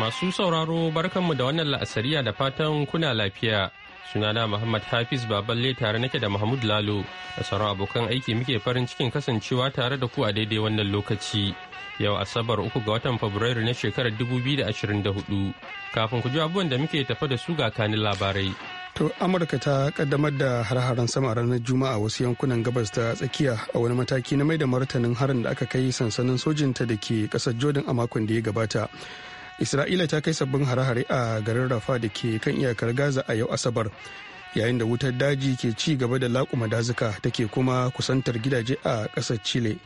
Masu sauraro barkanmu da wannan la'asariya da fatan kuna lafiya. Sunana Muhammad Hafiz Baballe tare nake da Mahmud Lalo da sauran abokan aiki muke farin cikin kasancewa tare da ku a daidai wannan lokaci. Yau Asabar uku ga watan Fabrairu na shekarar dubu biyu da da ashirin hudu Kafin ku ji abubuwan da muke tafa da su ga kanin labarai. To Amurka ta kaddamar da har-haren sama ranar Juma'a wasu yankunan gabas ta tsakiya a wani mataki na mai da martanin harin da aka kai sansanin sojinta da ke kasar Jordan a makon da ya gabata. isra'ila ta kai sabbin hare-hare a garin rafa da ke kan iyakar gaza a yau asabar yayin da wutar daji ke ci gaba da laƙuma dazuka take kuma kusantar gidaje a ƙasar chile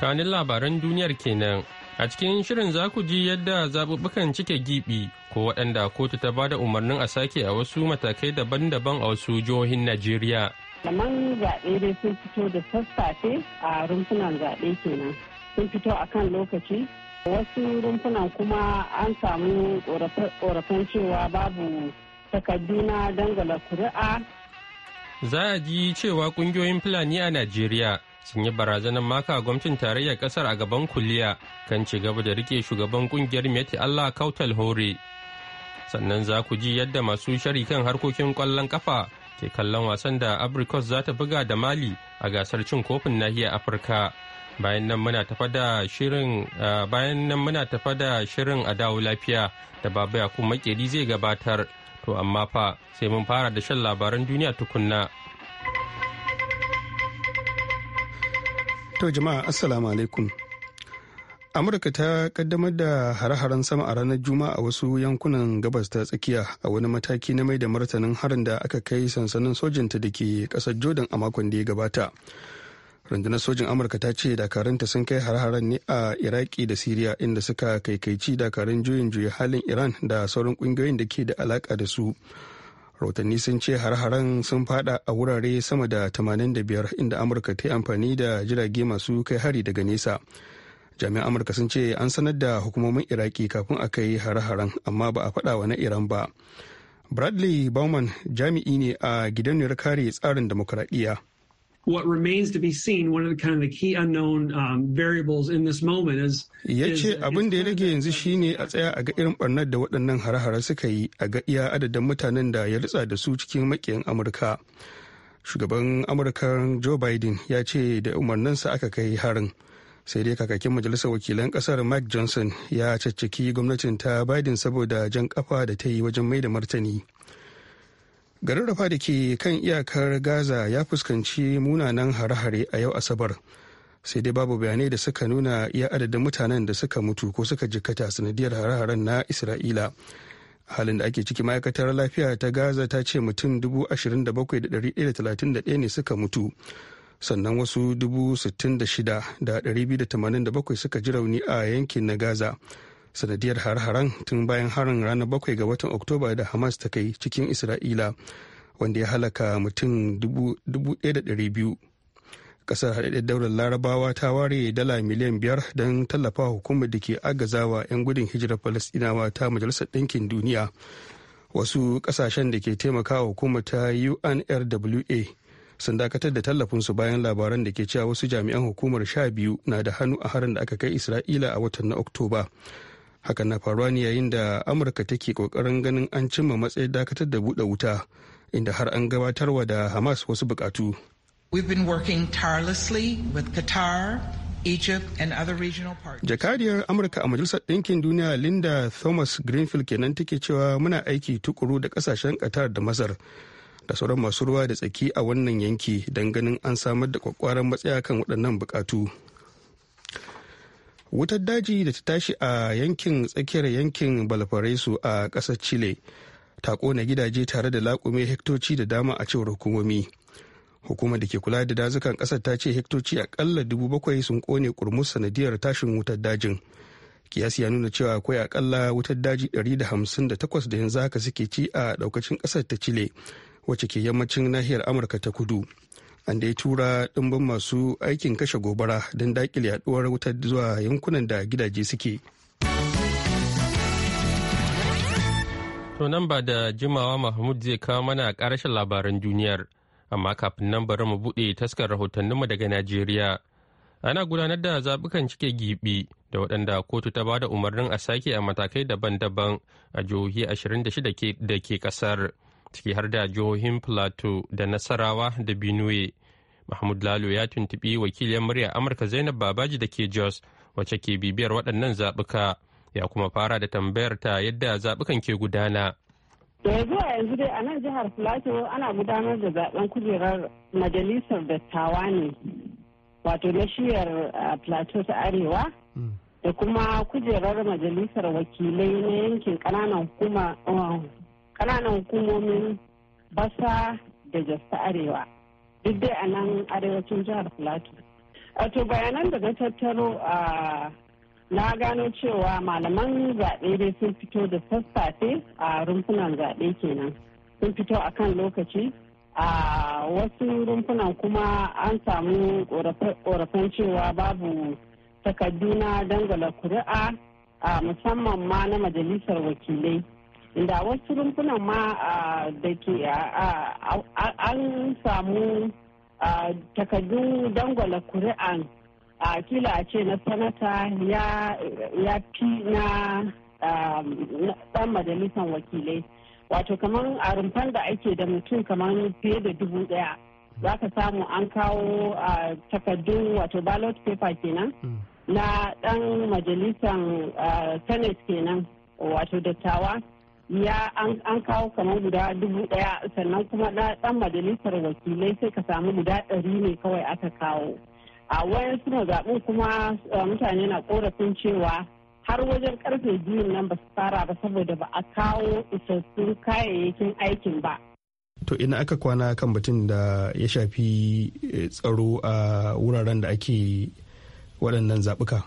kanin labaran duniyar kenan a cikin shirin za ku ji yadda zaɓuɓɓukan cike giɓi ko waɗanda kotu ta bada umarnin a sake a wasu matakai daban-daban a wasu jihohin najeriya malaman zaɓe dai sun fito da sassafe a rumfunan zaɓe kenan sun fito a kan lokaci Wasu rumfuna kuma an samu korafan cewa babu takardu na dangala kuri'a. Za a ji cewa kungiyoyin Fulani a Najeriya sun yi barazanar maka gwamnatin tarayyar kasar a gaban kuliya kan ci gaba da rike shugaban kungiyar Meti Allah Kautal Hore. Sannan za ku ji yadda masu shari kan harkokin kwallon kafa ke kallon wasan da Abrikos za ta buga da Mali a gasar cin kofin nahiyar Afirka. bayan nan muna tafa da shirin da shirin a dawo lafiya da baba ya kuma makeri zai gabatar to amma fa sai mun fara da shan labaran duniya tukunna to jama'a assalamu alaikum amurka ta kaddamar da hare-haren sama a ranar juma'a a wasu yankunan gabas ta tsakiya a wani mataki na mai da martanin harin da aka kai sansanin sojinta da ke kasar jordan a makon da ya gabata rundunar sojin amurka ta ce dakaranta sun kai har-haren ne a iraki da siriya inda suka kaikaici dakarun juyin juya halin iran da sauran kungiyoyin da ke da alaka da su rahotanni sun ce har-haren sun fada a wurare sama da 85 inda amurka ta yi amfani da jirage masu kai hari daga nesa jami'an amurka sun ce an sanar da hukumomin iraki kafin a kai har-haren amma ba a fada wa na iran ba bradley bauman jami'i ne a gidan kare tsarin demokuraɗiyya what remains to be seen one of the kind of the key unknown um, variables in this moment is abin da ya rage yanzu shine a tsaya a ga irin barnar da waɗannan hare-hare suka yi a ga iya adadin mutanen da ya ritsa da su cikin makiyan amurka shugaban amurka joe biden ya ce da umarninsa aka kai harin sai dai kakakin majalisar wakilan kasar mike johnson ya caccaki gwamnatin ta biden saboda jan kafa da ta yi wajen mai da martani garin rafa da ke kan iyakar gaza ya fuskanci munanan hare-hare a yau asabar sai dai babu bayanai da suka nuna iya adadin mutanen da suka mutu ko suka jikkata sanadiyar hare-haren na isra'ila halin da ake ciki ma'aikatar lafiya ta gaza ta ce mutum 27,131 ne suka mutu sannan wasu 66,287 suka ji rauni a yankin na gaza sanadiyar har-haren tun bayan harin ranar bakwai ga watan oktoba da hamas ta kai cikin isra'ila wanda ya halaka mutum 1,200 kasar haɗaɗɗen daular larabawa ta ware dala miliyan biyar don tallafa hukumar da ke agazawa 'yan gudun hijirar falasɗinawa ta majalisar ɗinkin duniya wasu kasashen da ke taimakawa hukumar ta unrwa sun dakatar da tallafinsu bayan labaran da ke cewa wasu jami'an hukumar sha biyu na da hannu a harin da aka kai isra'ila a watan na oktoba hakan na faruwa ne yayin da amurka take kokarin ganin an cimma matsayin dakatar da buɗe wuta inda har an gabatarwa da hamas wasu bukatu jakadiyar amurka a majalisar ɗinkin duniya linda thomas greenfield kenan take cewa muna aiki tukuru da ƙasashen qatar da masar da sauran masu ruwa da tsaki a wannan yanki don ganin an samar da kwakwaran matsaya kan waɗannan bukatu. wutar daji da ta tashi a yankin tsakiyar yankin balfaresu a ƙasar chile ta kona gidaje tare da laƙume hektoci da dama a cewar hukumomi hukumar da ke kula da dazukan ƙasar ta ce hektoci akalla dubu bakwai sun kone ƙurmus sanadiyar tashin wutar dajin kiyasi ya nuna cewa akwai akalla wutar daji 158 da hamsin da da yanzu haka suke ci a ɗaukacin ƙasar ta chile wacce ke yammacin nahiyar amurka ta kudu da ya tura ɗimbin masu aikin kashe gobara don daƙile yaduwar wutar zuwa yankunan da gidaje suke. To nan ba da jimawa Mahmud zai kawo mana ƙarashin labaran duniyar, amma kafin nan bari mu buɗe taskar rahotanninmu daga Najeriya. Ana gudanar da zaɓukan cike giɓi da waɗanda kotu ta ba da umarnin a sake a matakai daban-daban a jihohi 26 da ke ƙasar. ciki har da jihohin plateau da nasarawa da benue mahmud lalo ya tuntubi wakiliyar murya amurka zainab babaji da ke jos wacce ke bibiyar waɗannan zaɓuka ya kuma fara da tambayar ta yadda zaɓukan ke gudana da zuwa yanzu dai a nan jihar plateau ana gudanar da zaben kujerar majalisar dattawa ne wato na shiyar plateau ta arewa hmm. da kuma kujerar majalisar wakilai na yankin ƙananan um, Kananan hukumomin basa da jasta arewa duk dai a nan arewacin jihar filatu. wato bayanan da na tattaro a na gano cewa malaman zaɓe dai sun fito da sassafe a rumfunan zaɓe kenan sun fito a kan lokaci a wasu rumfunan kuma an samu ƙorafin cewa babu takardu na dangala kuri'a musamman ma na majalisar wakilai da wasu rumfunan ma da ke an samu takardun dangwala kuri'an a kila a ce na sanata ya fi na dan majalisan wakilai wato kamar a rumfan da ake da mutum kamar fiye da dubu daya za ka samu an kawo takardun wato ballot paper kenan hmm. na dan majalisan senate kenan wato dattawa ya an kawo kamar guda dubu daya sannan kuma dan majalisar wakilai sai ka samu guda ɗari ne kawai aka kawo a wayan suna zaɓen kuma eh, mutane na korafin cewa har wajen karfe biyun nan ba su fara ba saboda ba a kawo isassun kayayyakin aikin ba to ina aka kwana kan batun da ya shafi eh, tsaro a wuraren da ake waɗannan zaɓuka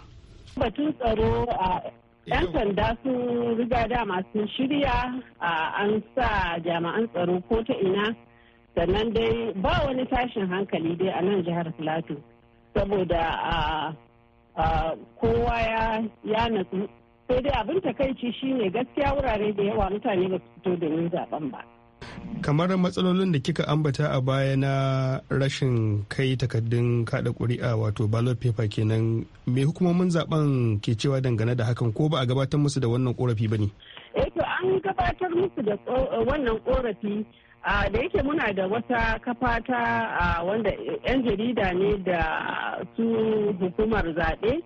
batun tsaro a ah, 'Yan sanda sun riga dama sun shirya a an sa jami'an tsaro ko ta ina sannan dai ba wani tashin hankali dai a nan jihar filatu saboda kowa ya natsu sai dai abin takaici shine gaskiya wurare da yawa mutane ba su fito domin zaben ba. kamar matsalolin da kika ambata a baya na rashin kai takaddun kada kuri'a wato ballot paper kenan me hukumomin zaben ke cewa dangane da hakan ko ba a gabatar musu da wannan korafi ba ne eh, to an gabatar musu da eh, wannan korafi da yake muna da wata kafata a wanda 'yan eh, jarida ne da su hukumar zaɓe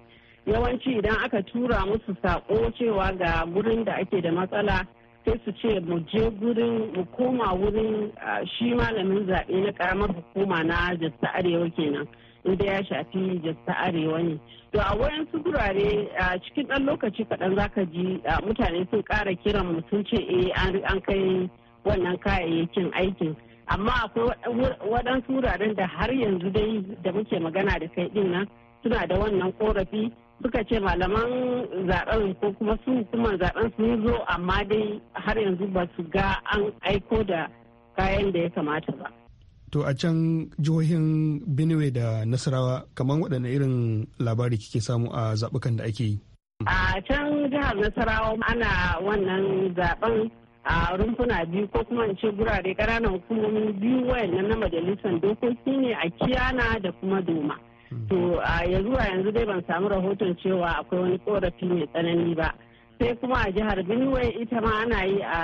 yawanci idan aka tura musu saƙo cewa ga gurin da ake da matsala sai su ce mu je gurin mu koma wurin shi malamin zaɓe na karamar hukuma na jasta arewa kenan inda ya shafi jasta arewa ne to a wayan su gurare cikin ɗan lokaci kaɗan zaka ji mutane sun ƙara kiran mu sun ce eh an kai wannan kayayyakin aikin amma akwai waɗansu wuraren da har yanzu dai da muke magana da kai ɗin suna da wannan korafi suka ce malaman zaben ko kuma su hukumar zaben sun zo amma dai har yanzu ba su ga an aiko da kayan da ya kamata ba. To a can jihohin Benue da Nasarawa kamar waɗanne irin labari kike samu a zaɓukan da ake yi? A can jihar Nasarawa ana wannan zaben a rumfuna biyu ko kuma ce gurare ƙananan hukumomi biyu wayannan na majalisar dokoki ne a Kiyana da kuma Doma. to a yanzu a yanzu dai ban samu rahoton cewa akwai wani korafi mai tsanani ba sai kuma a jihar benue ita ma ana yi a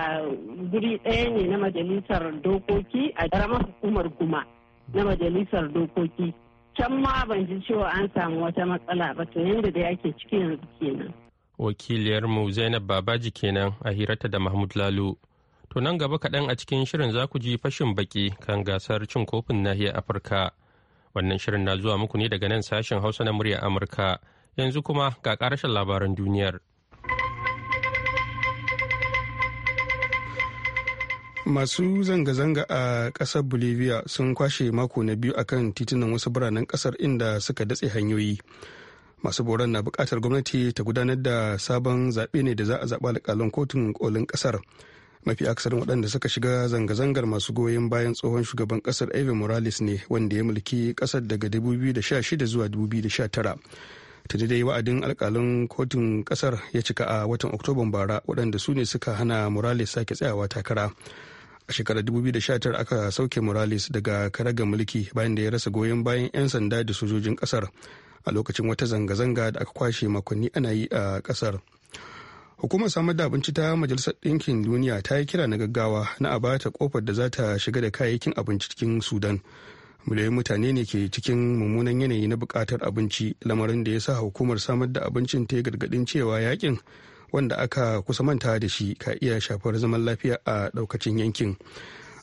guri ɗaya ne na majalisar dokoki a ƙaramar hukumar guma na majalisar dokoki can ma ban ji cewa an samu wata matsala ba to yadda da yake ciki yanzu kenan wakiliyar mu zainab babaji kenan a hirata da mahmud lalu to nan gaba kaɗan a cikin shirin za ku ji fashin baki kan gasar cin kofin nahiyar afirka Wannan shirin na zuwa muku ne daga nan sashen Hausa na murya Amurka. Yanzu kuma ga ƙarashin labaran duniyar. Masu zanga-zanga a ƙasar Bolivia sun kwashe mako na biyu akan titunan wasu biranen ƙasar inda suka datse hanyoyi. Masu boron na buƙatar gwamnati ta gudanar da sabon zaɓe ne da za a zaɓa alƙalin kotun ƙolin ƙasar. mafi aksar waɗanda suka shiga zanga-zangar masu goyon bayan tsohon shugaban ƙasar evo morales ne wanda ya mulki ƙasar daga 2016 zuwa 2019 tuni dai wa'adin alkalin kotun ƙasar ya cika a watan oktoban bara waɗanda su ne suka hana morales sake tsayawa takara a shekarar 2019 aka sauke morales daga karagar mulki bayan da ya rasa goyon bayan 'yan sanda da sojojin ƙasar a lokacin wata zanga-zanga da aka kwashe makonni ana yi a ƙasar. hukumar samar da abinci ta majalisar ɗinkin duniya ta yi kira na gaggawa na a bata kofar da za ta shiga da kayayyakin abinci cikin sudan miliyoyin mutane ne ke cikin mummunan yanayi na buƙatar abinci lamarin da ya sa hukumar samar da abincin ta yi gargaɗin cewa yakin wanda aka kusa manta da shi ka iya shafar zaman lafiya a ɗaukacin yankin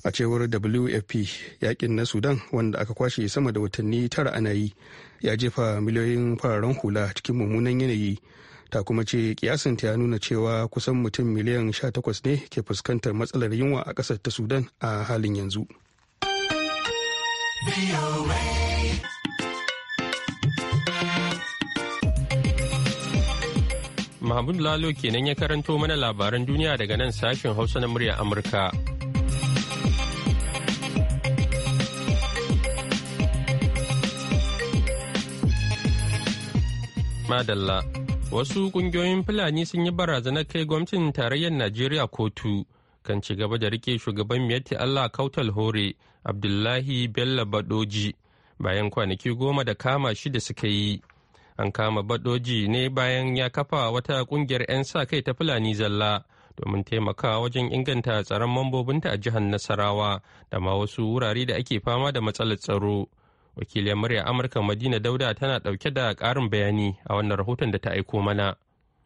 a cewar wfp yakin na sudan wanda aka kwashe sama da watanni tara ana yi ya jefa miliyoyin fararen hula cikin mummunan yanayi ta kuma ce kiyasinta ya nuna cewa kusan mutum miliyan 18 ne ke fuskantar matsalar yunwa a ƙasar ta sudan a halin yanzu Mahmud Lalo kenan ya karanto mana labaran duniya daga nan sashen Hausa na murya Amurka. Madalla. Wasu ƙungiyoyin Fulani sun yi barazanar kai gwamnatin tarayyar Najeriya kotu kan ci gaba da rike shugaban miyatti Allah Kautal Hore Abdullahi Bello Badoji bayan kwanaki goma da kama shi da suka yi. An kama Badoji ne bayan ya kafa wata ƙungiyar 'yan sa kai ta Fulani zalla domin taimakawa wajen inganta tsaron mambobinta a jihar Nasarawa da ma wasu wurare da ake fama da matsalar tsaro. wakiliyar murya amurka madina dauda tana dauke da karin bayani a wannan rahoton da ta aiko mana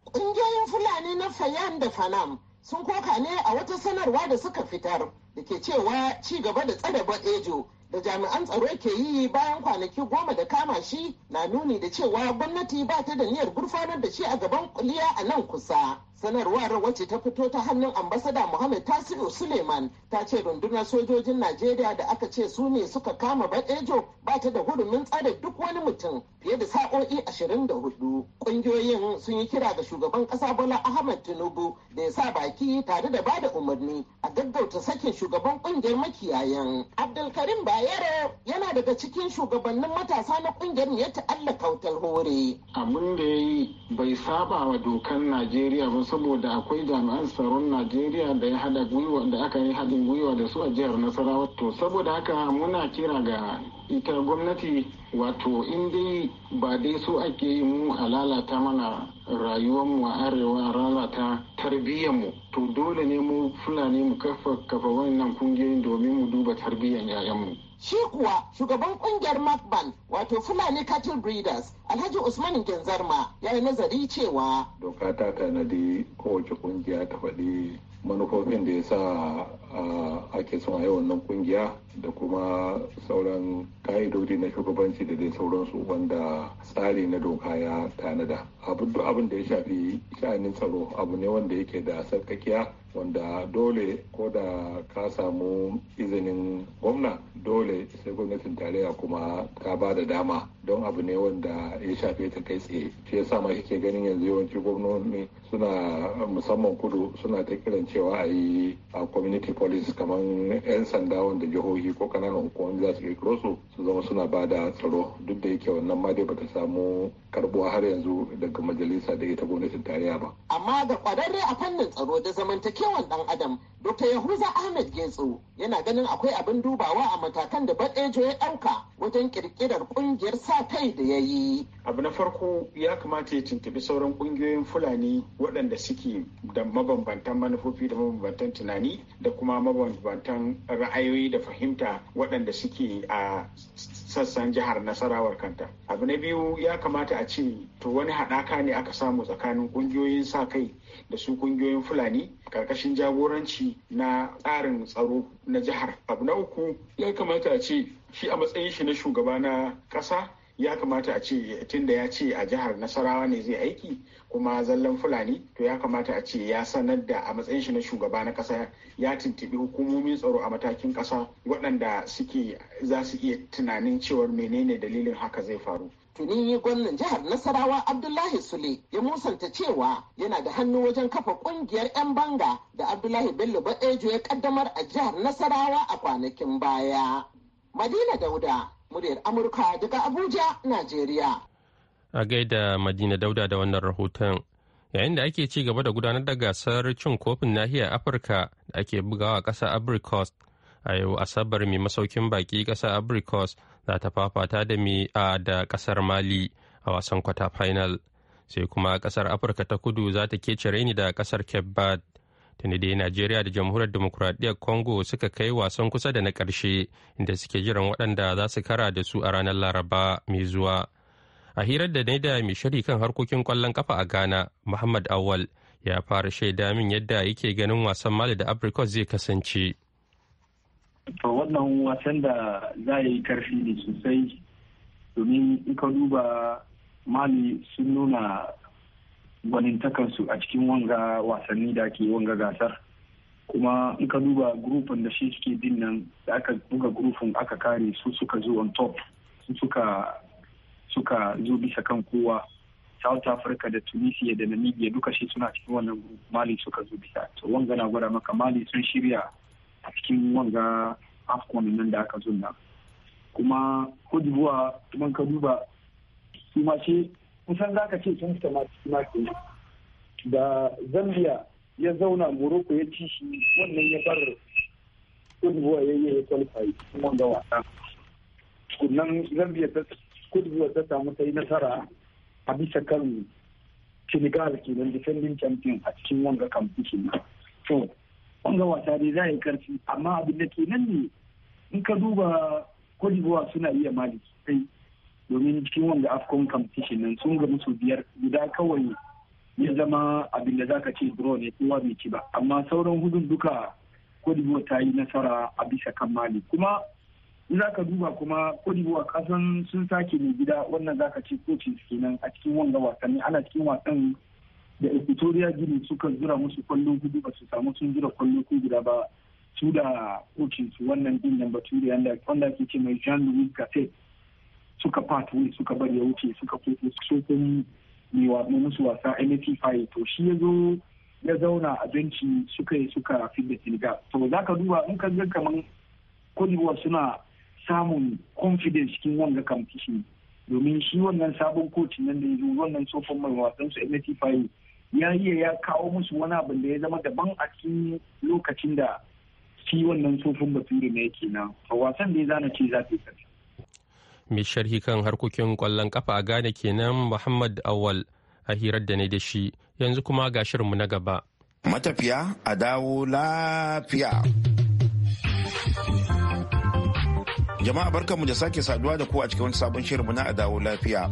ƙungiyoyin fulani na fayan da fanam sun koka ne a wata sanarwa da suka fitar da ke cewa ci gaba da tsada ejo da jami'an tsaro ke yi bayan kwanaki goma da kama shi na nuni da cewa gwamnati ba ta da niyyar gurfanar da shi a gaban kuliya a nan kusa sanarwar wacce ta fito ta hannun ambasada muhammad tasiru suleiman ta ce rundunar sojojin najeriya da aka ce su ne suka kama baɗejo ba ta da hurumin tsare duk wani mutum fiye da sa'o'i 24 ƙungiyoyin sun yi kira ga shugaban ƙasa bola ahmad tinubu da ya sa baki tare da bada umarni a gaggauta sakin shugaban ƙungiyar makiyayan abdulkarim bayero yana daga cikin shugabannin matasa na ƙungiyar ya ta'alla kautar hore abin da ya yi bai saba wa dokar najeriya ba saboda akwai jami'an tsaron najeriya da ya hada gwiwa da aka yi haɗin gwiwa da su a jihar nasarawa to saboda haka muna kira ga ita gwamnati wato in dai ba dai su ake yi mu a lalata mana rayuwarmu a arewa a tarbiyyar mu to dole ne mu fulani mu kafa kafa wannan kungiyoyin domin mu duba tarbiyyar 'ya'yanmu. Shi kuwa shugaban kungiyar Macban wato Fulani Cattle Breeders Alhaji Usman Genzarma ya yi nazari cewa. Doka ta tanadi kowace kungiya ta faɗi manufofin da ya sa ake son a yi wannan kungiya da kuma sauran ka'idodi na shugabanci da dai sauransu wanda tsari na doka ya tanada abin da ya shafi sha'anin tsaro abu ne wanda yake da sarkakiya wanda dole ko da ka samu izinin gwamna dole sai gwamnatin tarayya kuma ta ba da dama don abu ne wanda ya shafi ta kai tsaye shi yasa ma kike ganin yanzu yawanci gwamnoni suna musamman kudu suna ta kiran cewa a yi community police kamar 'yan sanda wanda jihohi jihohi ko kananan hukumomi za su yi su su zama suna bada tsaro duk da yake wannan ma dai bata samu karbuwa har yanzu daga majalisa da ita gwamnatin tarayya ba. Amma ga kwararre a fannin tsaro da zamantakewan ɗan adam, Dr. Yahuza Ahmed Getso yana ganin akwai abin dubawa a matakan da Badejo ya ɗauka wajen ƙirƙirar ƙungiyar sa kai da ya yi. Abu na farko ya kamata ya tuntubi sauran ƙungiyoyin Fulani waɗanda suke da mabambantan manufofi da mabambantan tunani da kuma mabambantan ra'ayoyi da fahimta waɗanda suke a sassan jihar nasarawar kanta abu na biyu ya kamata a ce to wani haɗaka ne aka samu tsakanin ƙungiyoyin sa kai da su ƙungiyoyin fulani ƙarƙashin jagoranci na tsarin tsaro na jihar abu na uku ya kamata a ce shi a matsayin shi na shugaba na ƙasa ya kamata a ce tunda ya ce a jihar nasarawa ne zai aiki kuma zallan fulani to ya kamata a ce ya sanar da a matsayin shi na shugaba na kasa ya tuntubi hukumomin tsaro a matakin kasa waɗanda suke za su iya tunanin cewar menene dalilin haka zai faru tuni gwamnan jihar nasarawa abdullahi sule ya musanta cewa yana da hannu wajen kafa kungiyar 'yan banga da abdullahi bello ejo ya kaddamar a jihar nasarawa a kwanakin baya madina dauda muryar Amurka daga Abuja, Najeriya. A gaida Madina Dauda da wannan rahoton. Yayin da ake ci gaba da gudanar da gasar cin kofin nahiyar Afirka da ake bugawa ƙasa Abricos, a yau Asabar mai masaukin baki ƙasa Abricos za ta fafata da mi a da ƙasar Mali a wasan kwata final. Sai kuma ƙasar Afirka ta kudu za ta kece ni da ƙasar Cape Verde. tuni dai najeriya da jamhuriyar demokuraɗiyyar congo suka kai wasan kusa da na ƙarshe inda suke jiran waɗanda za su kara da su a ranar laraba mai zuwa a hirar da da mai shari kan harkokin kwallon ƙafa a ghana muhammad awal ya fara shaida min yadda yake ganin wasan mali da Africa zai kasance to wannan wasan da za yi karfi ne sosai domin in ka duba mali sun nuna gwanintakansu a cikin wanga wasanni da ake wanga gasar kuma in ka duba gurufin da shi suke din nan da aka buga gurufin aka kare su suka zo on top su suka zo bisa kan kowa south africa da tunisia da namibia duka shi suna cikin wannan mali suka zo bisa to wanga na gwada maka mali sun shirya a cikin wanga afcon nan da aka zo nan kuma cote kuma ka duba su ma kusan za ka ce sun fita masu da zambia ya zauna morocco ya ci shi wannan ya bar kuduwa ya yi ya kwalifai wanda wasa kunnan zambia ta kudubuwa ta samu sai nasara a bisa kan senegal nan defending champion a cikin wanga kan bikin to wanga wasa ne za a yi karfi amma abin da ke nan ne in ka duba kuduwa suna iya maliki domin cikin wanda afcon competition nan sun gamu su biyar guda kawai ya zama abin da zaka ce draw ne kowa bai ci ba amma sauran hudun duka kodibo ta yi nasara a bisa kan mali kuma za ka duba kuma kodibo kasan sun sake mai gida wannan zaka ce kocin kenan a cikin wanga wasanni ana cikin wasan da equatorial gini suka zura musu kwallon hudu ba su samu sun zura kwallo ko guda ba su da kocin su wannan gini nan baturiya wanda ke ce mai jean louis cassette suka fatu ne suka bari ya wuce suka koko sokun mai musu wasa mp5 to shi ya zo ya zauna a benci suka yi suka fi da silga to za ka duba in ka ga kamar kodewa suna samun confidence cikin wanga kamfishin domin shi wannan sabon kocin nan da ya zo wannan tsofon mai wasan su mp5 ya iya ya kawo musu wani abin da ya zama daban a cikin lokacin da shi wannan tsofin bature na yake na wasan da ya zana ce za ta yi mai sharhi kan harkokin kwallon kafa a Ghana kenan Muhammad Awal a hirar da ne da shi yanzu kuma ga shirinmu na gaba. Matafiya a dawo lafiya. Jama'a barkanmu da sake saduwa da ku a cikin wani sabon shirinmu na a dawo lafiya.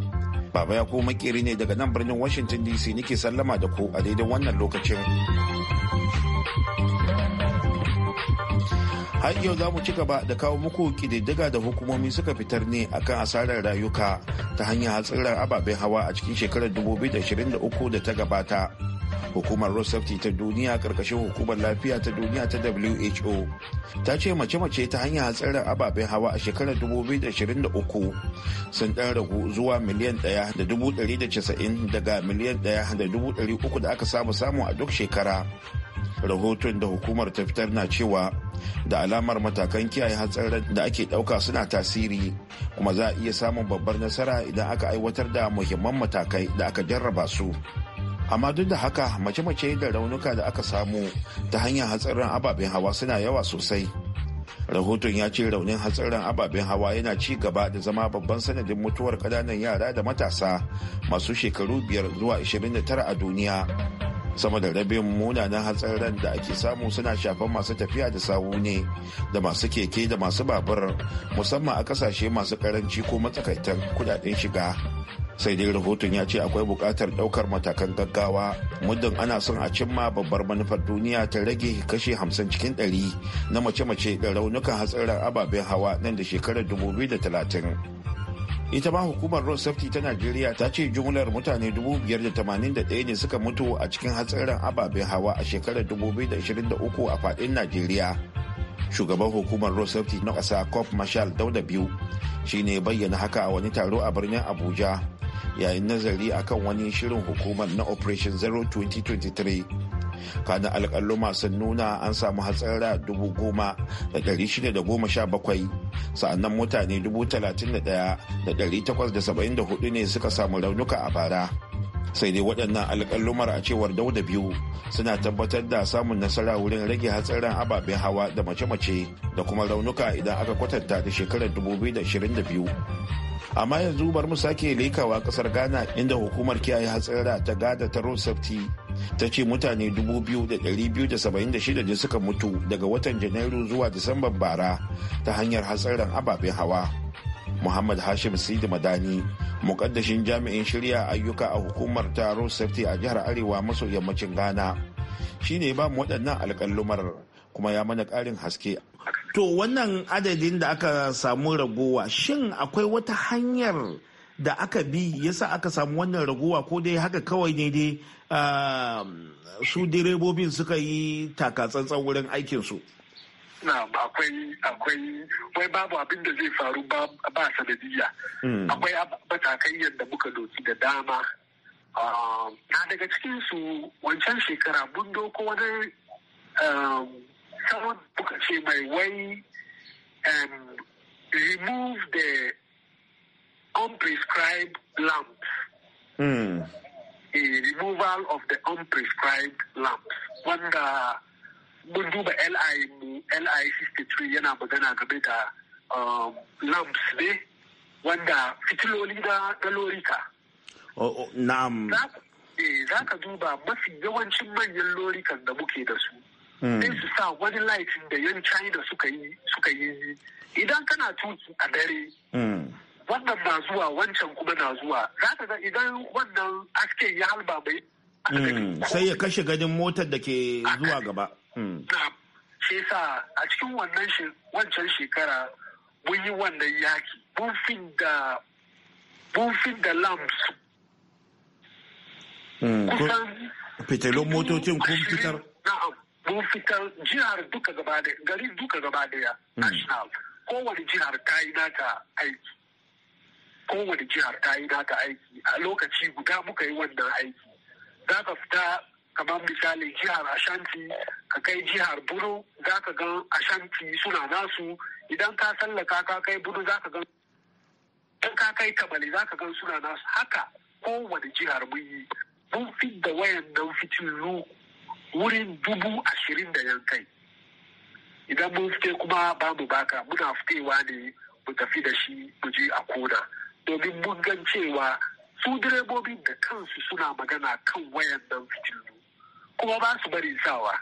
Baba ya koma makeri ne daga nan birnin Washington DC nake sallama da ku a daidai wannan lokacin. har yau za mu ci gaba da kawo muku kididdiga da hukumomi suka fitar ne akan asarar rayuka ta hanyar hatsirar ababen hawa a cikin shekarar 2023 da ta gabata hukumar rosafti ta duniya karkashin hukumar lafiya ta duniya ta who ta ce mace-mace ta hanyar hatsarin ababen hawa a shekarar 2023 sun ɗan ragu zuwa miliyan 1.190 daga miliyan 1.300 da aka samu samu a duk shekara rahoton da hukumar ta fitar na cewa da alamar matakan kiyaye hatsarin da ake ɗauka suna tasiri kuma za a iya samun babbar nasara idan aka aiwatar da muhimman matakai da aka jarraba su amma duk da haka mace-mace da raunuka da aka samu ta hanyar hatsarin ababen hawa suna yawa sosai rahoton ya ce raunin hatsarin ababen hawa yana ci gaba da zama babban sanadin mutuwar ƙananan yara da matasa masu shekaru biyar zuwa 29 a duniya sama da rabin munanan hatsarin da ake samu suna shafan masu tafiya da sawu ne da masu keke da masu babur musamman a kasashe masu karanci ko matsakaitan kudaden shiga sai dai rahoton ya ce akwai buƙatar ɗaukar matakan gaggawa muddin ana son a cimma babbar manufar duniya ta rage kashe hamsin cikin 100 na mace-mace da raunukan hatsarin ababen hawa nan da shekarar 2030 ita ma hukumar road safety ta najeriya ta ce jumlar mutane 581 ne suka mutu a cikin hatsarin ababen hawa a shekarar 2023 a fadin najeriya shugaban hukumar road safety na ƙasa cop marshal dauda biyu shine bayyana haka a wani taro a birnin abuja yayin nazari akan wani shirin hukumar na operation zero 2023 kanan alƙalluma sun nuna an samu hatsara dubu goma da ɗari shida da goma sha bakwai sa'annan mutane dubu talatin da ɗaya da ɗari takwas da saba'in da hudu ne suka samu raunuka a bara sai dai waɗannan alƙalumar a cewar dauda biyu suna tabbatar da samun nasara wurin rage hatsarin ababen hawa da mace-mace da kuma raunuka idan aka kwatanta da shekarar 2022 amma yanzu bar mu sake lekawa kasar ghana inda hukumar kiyaye hatsara ta gada ta road safety ta ce mutane 2,276 da suka mutu daga watan janairu zuwa disamban bara ta hanyar hatsarin ababen hawa muhammad hashim sidi madani mukaddashin jami'in shirya ayyuka a hukumar ta road safety a jihar arewa maso yammacin ghana shine ba mu waɗannan alkalumar kuma ya mana ƙarin haske To wannan adadin da aka samu raguwa, shin akwai wata hanyar da aka bi yasa aka samu wannan raguwa? ko dai haka kawai ne dai um, su direbobin suka yi takatsantsan wurin aikinsu. na akwai akwai wai babu abin da zai faru ba ba sanadiyya hmm. akwai matakai yadda muka doki da dama um, na daga cikin su wancan shekara mun doko wani um, kawai buka ce mai wai um, remove the unprescribed lamps. Mm. A removal of the unprescribed lamps. Wanda mun duba LI mu sixty three yana magana game da um, lamps ne wanda fitiloli na lorika. Oh, oh, na'am. Eh, za ka duba mafi yawancin manyan lorikan da muke da su. Mm. sai su sa wani laifin da yan china suka yi suka yi idan kana tuki a dare mm. wannan na zuwa wancan kuma na zuwa za ka ga idan wannan asken ya halba bai mm. sai ya kashe gadin motar da ke zuwa gaba shi sa a cikin wannan wancan shekara mun yi wannan yaki mun da lamps kusan fitilun motocin kun fitar na'am mun fitar jihar duka gaba daya gari duka gaba daya hmm. national kowane jihar ta yi nata aiki kowane jihar ta yi nata aiki a lokaci guda muka yi wannan aiki za ka fita kamar misali jihar ashanti ka kai jihar buru za ka gan ashanti suna nasu idan ka sallaka ka kai buru za ka gan idan ka kai kamale za ka gan suna nasu haka kowane jihar mun yi mun fit da wayan nan fitin wurin dubu ashirin da yan kai idan mun fite kuma ba baka muna fitewa ne mu tafi da shi mu je a kona domin mun gan cewa su direbobin da kansu suna magana kan wayan nan fitilu kuma ba su bari sawa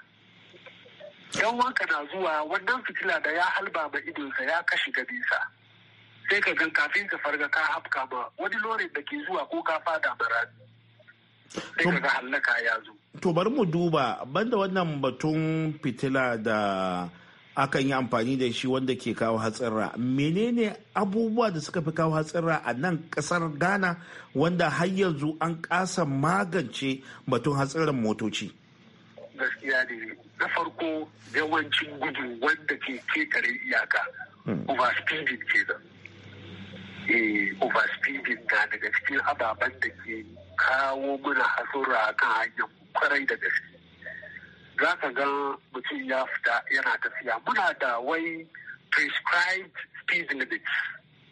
dan wanka na zuwa wannan fitila da ya halba ma idonsa ya kashe gabisa sai ka gan kafin ka farga ka hafka ma wani lorin da ke zuwa ko ka fada marani sai ka ga hallaka ya zo to bari mu duba banda wannan batun fitila da akan yi amfani da shi wanda ke kawo hatsarra menene abubuwa da suka fi kawo hatsarra a nan kasar ghana wanda har yanzu an kasa magance batun hatsarin motoci gaskiya ne na farko yawancin gudu wanda ke ketare iyaka hmm. overspeeding ke da eh, overspeeding na daga cikin ababen da ke kawo muna hatsura kan hanyar kwarai da gaske za ka ga mutum ya fita yana tafiya muna da wai prescribed speed limits.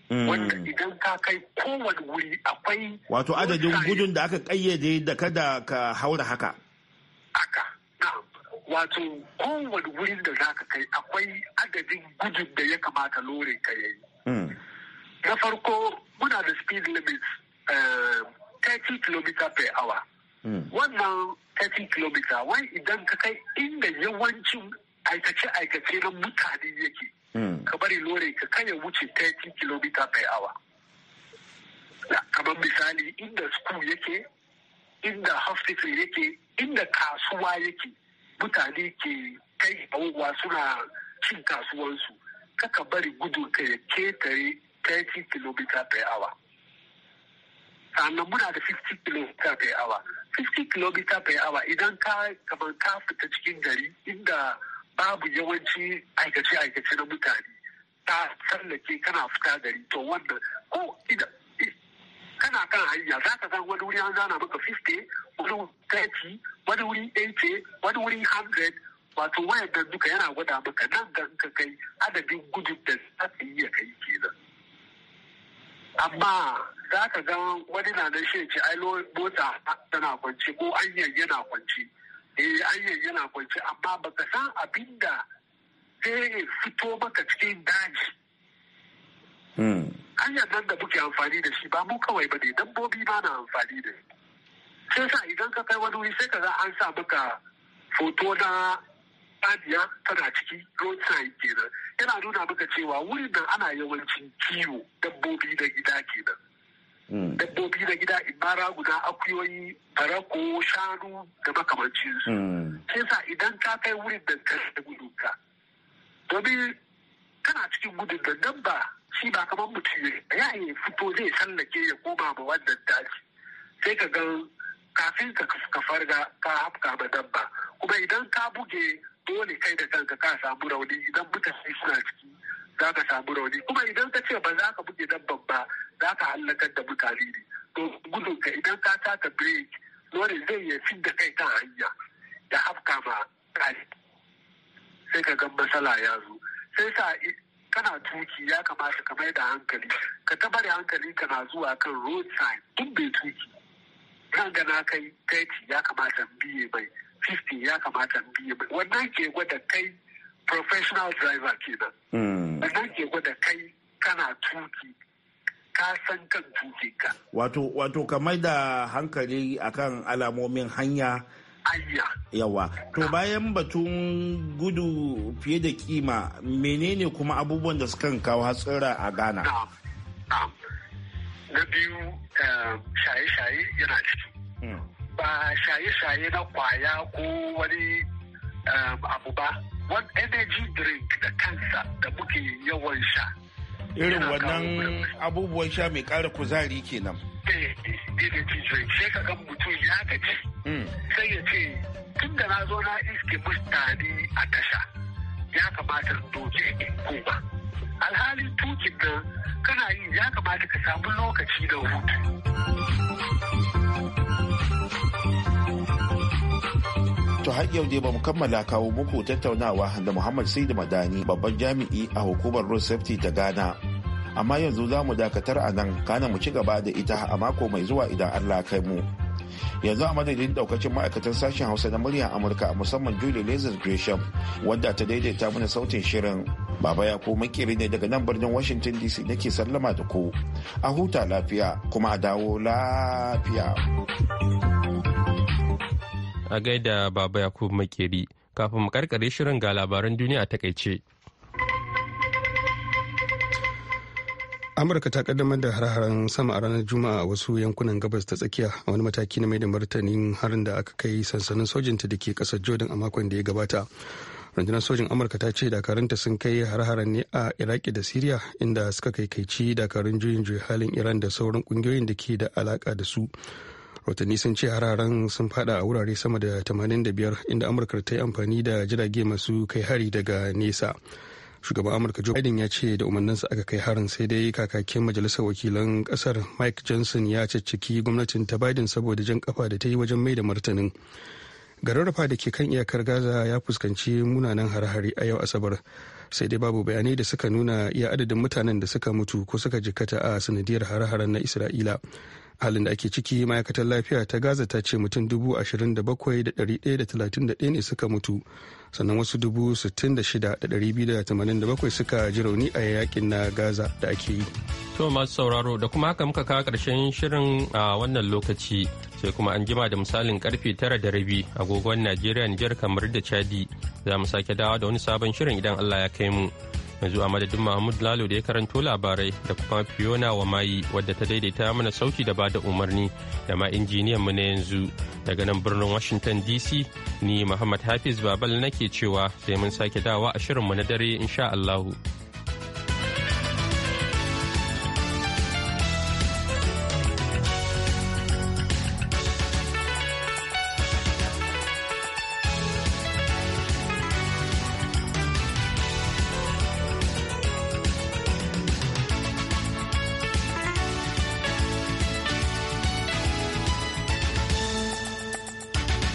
Hmm. wanda idan ka kai kowane wuri akwai wato adadin gudun da aka kayyade da kada ka haura haka haka wato kowane wurin da za ka kai akwai adadin gudun da ya kamata lorin ka yayi hmm. na farko muna da speed limits 30 eh, km per hour hmm. wannan 30 km wai idan ka kai inda yawancin aikace-aikace na mutane yake hmm. ka bari lore ka kai ya wuce 30 km per hour kamar misali inda school yake inda hospital yake inda kasuwa yake mutane ke kai abubuwa suna cin kasuwansu kaka bari gudun ka ya ketare 30 kilomita per hour sannan muna da 50 km per hour 50 km per hour idan ka kamar ka fita cikin gari inda babu yawanci aikace-aikace na mutane ta tsallake kana fita gari to wanda ko idan kana kan hanya za ka san wani wuri an zana maka 50 wani 30 wani wuri 80 wani wuri 100 wato wayar da duka yana gwada maka nan ga ka kai adadin gudun da za ka yi iya kai kenan amma za ka ga wani na nan shi ce ai mota tana kwanci ko anyan yana kwanci eh anyan yana kwanci amma baka san abin da sai fito maka cikin daji hmm. hanyar nan da muke amfani da shi ba mu kawai ba ne dabbobi ba na amfani da shi sai sa idan ka kai wani wuri sai ka ga an sa maka foto na saniya tana ciki roadside kenan yana nuna maka cewa wurin nan ana yawancin kiwo dabbobi na gida kenan Mm. dabbobi da gida ibara guda akuyoyi barako shanu da makamancin su mm. sa idan ka kai wurin da da gudu ka domin kana cikin gudun da dabba shi ba kamar mutum ne ya fito zai sallake ya koma ba wannan daji sai ka ga kafin ka farga ka hafka ba dabba kuma idan ka buge dole kai da kanka ka samu rauni idan mutane suna ciki. za ka samu rauni kuma idan ka ce ba za ka buge dabban ba za ka hallakar da mutane ne to gudun ka idan ka taka break lori zai ya fi da kai kan hanya da hafka ma kai sai ka ga matsala ya zo sai sa kana tuki ya kamata ka mai da hankali ka da hankali kana zuwa kan road sign duk bai tuki kan gana kai kai ya kamata biye mai 50 ya kamata biye mai wannan ke gwada kai professional driver kenan wannan hmm. ke gwada kai kana tuki ka san kan tuki ka wato wato kamar da hankali akan alamomin hanya yawa to bayan batun gudu fiye da kima menene kuma abubuwan da suka kawo hatsira a ghana na biyu eh, shaye-shaye yana ciki hmm. ba shaye-shaye na kwaya ko wani eh, abu ba wani energy drink da kansa da muke yawan sha irin wannan abubuwan sha mai kara kuzari kenan eh energy drink sai ka ga mutum ya gaji hmm. sai ya ce tun da na zo na iske mutane a tasha ya kamata doke in koma alhalin tukin nan kana yi ya kamata ka samu lokaci da hutu To har yau dai ba mu kammala kawo muku tattaunawa da Muhammad Sidi Madani babban jami'i a hukumar Road Safety ta Ghana. Amma yanzu za mu dakatar a nan kana mu ci gaba da ita a mako mai zuwa idan Allah kai mu. Yanzu a madadin daukacin ma'aikatan sashen Hausa na muryar Amurka musamman Julie Lazarus Gresham wadda ta daidaita mana sautin shirin. Baba ya ko makiri ne daga nan birnin Washington DC nake sallama da ku. A huta lafiya kuma a dawo lafiya. A gaida Baba Yakub Makeri kafin mu karkare shirin ga labaran duniya a takaice. amurka ta kaddamar da har-haren sama a ranar juma'a a wasu yankunan gabas ta tsakiya a wani mataki na mai da martanin harin da aka kai sansanin sojinta da ke kasar jordan a makon da ya gabata rundunar sojin amurka ta ce dakarunta sun kai har-haren ne a iraki da siriya inda suka kai kaici dakarun juyin juya halin iran da sauran kungiyoyin da ke da alaka da su rotanni sun ce hararen sun fada a wurare sama da 85 inda amurka ta yi amfani da jirage masu kai hari daga nesa shugaban amurka joe biden ya ce da umarninsa aka kai harin sai dai kakakin majalisar wakilan kasar mike johnson ya cicciki gwamnatin ta biden saboda jan kafa da ta yi wajen mai da martanin gararrafa da ke kan iyakar gaza ya fuskanci munanan hare-hare a yau asabar sai dai babu bayanai da suka nuna iya adadin mutanen da suka mutu ko suka jikkata a sanadiyar hare-haren na isra'ila halin da ake ciki ma'aikatar lafiya ta gaza ta ce mutum dubu ashirin da bakwai da dari daya da talatin da daya ne suka mutu sannan wasu dubu sittin da shida da dari biyu da tamanin da bakwai suka ji rauni a yakin na gaza da ake yi. to masu sauraro da kuma haka muka kawo ƙarshen shirin a wannan lokaci sai kuma an jima da misalin karfe tara da rabi agogon najeriya nijar kamar da chadi za mu sake dawa da wani sabon shirin idan allah ya kai mu. yanzu a madadin mahmud lalo da ya karanto labarai da kuma fiona wa mayi wadda ta daidaita mana sauki da bada umarni da ma injiniyan mu na yanzu daga nan birnin washington dc ni muhammad hafiz babal nake cewa sai mun sake dawa a shirinmu na dare insha allahu